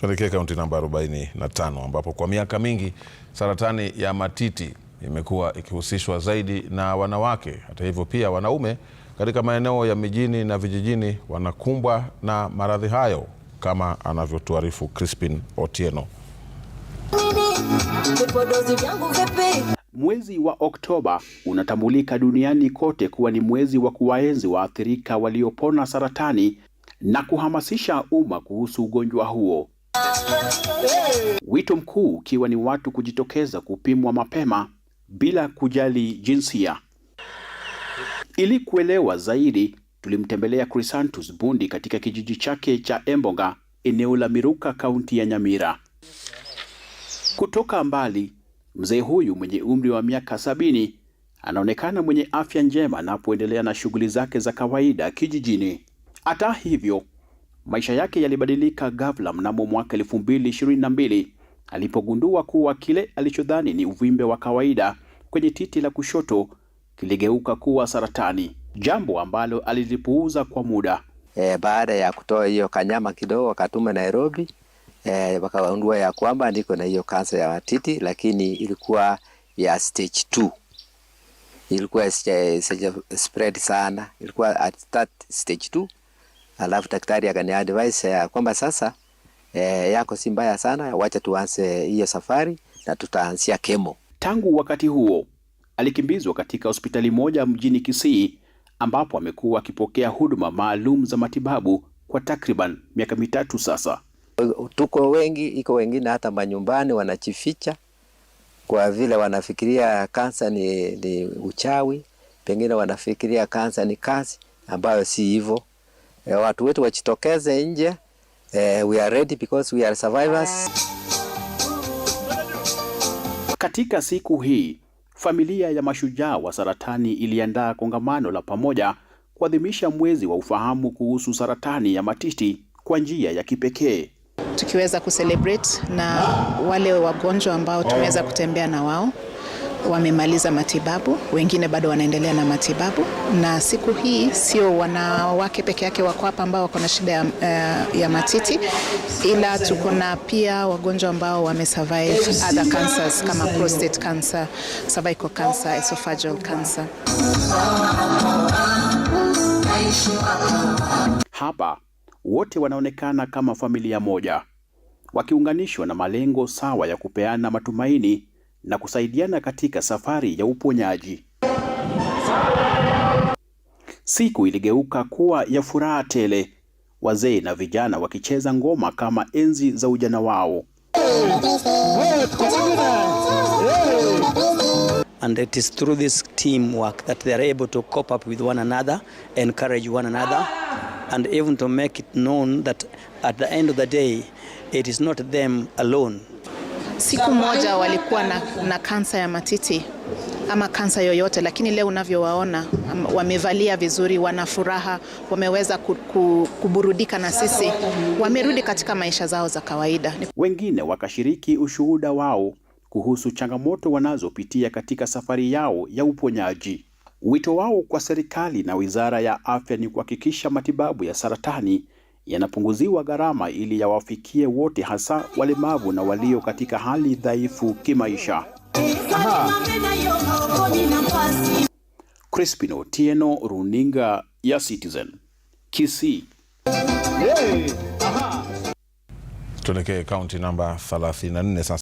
Tuelekee kaunti namba 45 ambapo kwa miaka mingi saratani ya matiti imekuwa ikihusishwa zaidi na wanawake. Hata hivyo, pia wanaume katika maeneo ya mijini na vijijini wanakumbwa na maradhi hayo, kama anavyotuarifu Crispin Otieno. Mwezi wa Oktoba unatambulika duniani kote kuwa ni mwezi wa kuwaenzi waathirika waliopona saratani na kuhamasisha umma kuhusu ugonjwa huo. Wito mkuu ukiwa ni watu kujitokeza kupimwa mapema bila kujali jinsia. Ili kuelewa zaidi, tulimtembelea Crisantus Bundi katika kijiji chake cha Embonga, eneo la Miruka, kaunti ya Nyamira. Kutoka mbali, mzee huyu mwenye umri wa miaka sabini anaonekana mwenye afya njema anapoendelea na shughuli zake za kawaida kijijini. Hata hivyo, maisha yake yalibadilika ghafla mnamo mwaka 2022 alipogundua kuwa kile alichodhani ni uvimbe wa kawaida kwenye titi la kushoto kiligeuka kuwa saratani, jambo ambalo alilipuuza kwa muda. E, baada ya kutoa hiyo kanyama kidogo wakatuma Nairobi e, wakagundua ya kwamba niko na hiyo kansa ya titi, lakini ilikuwa ya stage 2 ilikuwa spread sana, ilikuwa at that stage 2 alafu daktari akani advise ya kwamba sasa e, yako si mbaya sana, wacha tuanze hiyo safari na tutaanzia kemo. Tangu wakati huo alikimbizwa katika hospitali moja mjini Kisii ambapo amekuwa akipokea huduma maalum za matibabu kwa takriban miaka mitatu sasa. Tuko wengi, iko wengine hata manyumbani wanachificha kwa vile wanafikiria kansa ni, ni uchawi, pengine wanafikiria kansa ni kazi ambayo si hivyo e, watu wetu wajitokeze nje e, we are ready because we are survivors. Katika siku hii familia ya mashujaa wa saratani iliandaa kongamano la pamoja kuadhimisha mwezi wa ufahamu kuhusu saratani ya matiti kwa njia ya kipekee, tukiweza kucelebrate na wale wagonjwa ambao tumeweza kutembea na wao wamemaliza matibabu, wengine bado wanaendelea na matibabu. Na siku hii sio wanawake peke yake wako hapa ambao wako na shida ya, uh, ya matiti, ila tuko na pia wagonjwa ambao wamesurvive other cancers kama prostate cancer, cervical cancer, esophageal cancer. Hapa wote wanaonekana kama familia moja wakiunganishwa na malengo sawa ya kupeana matumaini na kusaidiana katika safari ya uponyaji. Siku iligeuka kuwa ya furaha tele, wazee na vijana wakicheza ngoma kama enzi za ujana wao. And it is through this teamwork that they are able to cope up with one another, encourage one another, and even to make it known that at the end of the day, it is not them alone siku moja walikuwa na, na kansa ya matiti ama kansa yoyote, lakini leo unavyowaona wamevalia vizuri, wana furaha, wameweza kuburudika na sisi, wamerudi katika maisha zao za kawaida. Wengine wakashiriki ushuhuda wao kuhusu changamoto wanazopitia katika safari yao ya uponyaji. Wito wao kwa serikali na Wizara ya Afya ni kuhakikisha matibabu ya saratani yanapunguziwa gharama ili yawafikie wote, hasa walemavu na walio katika hali dhaifu kimaisha. Crispino Tieno, runinga ya Citizen, Kisii. Hey. Tuelekee kaunti namba 34 sasa.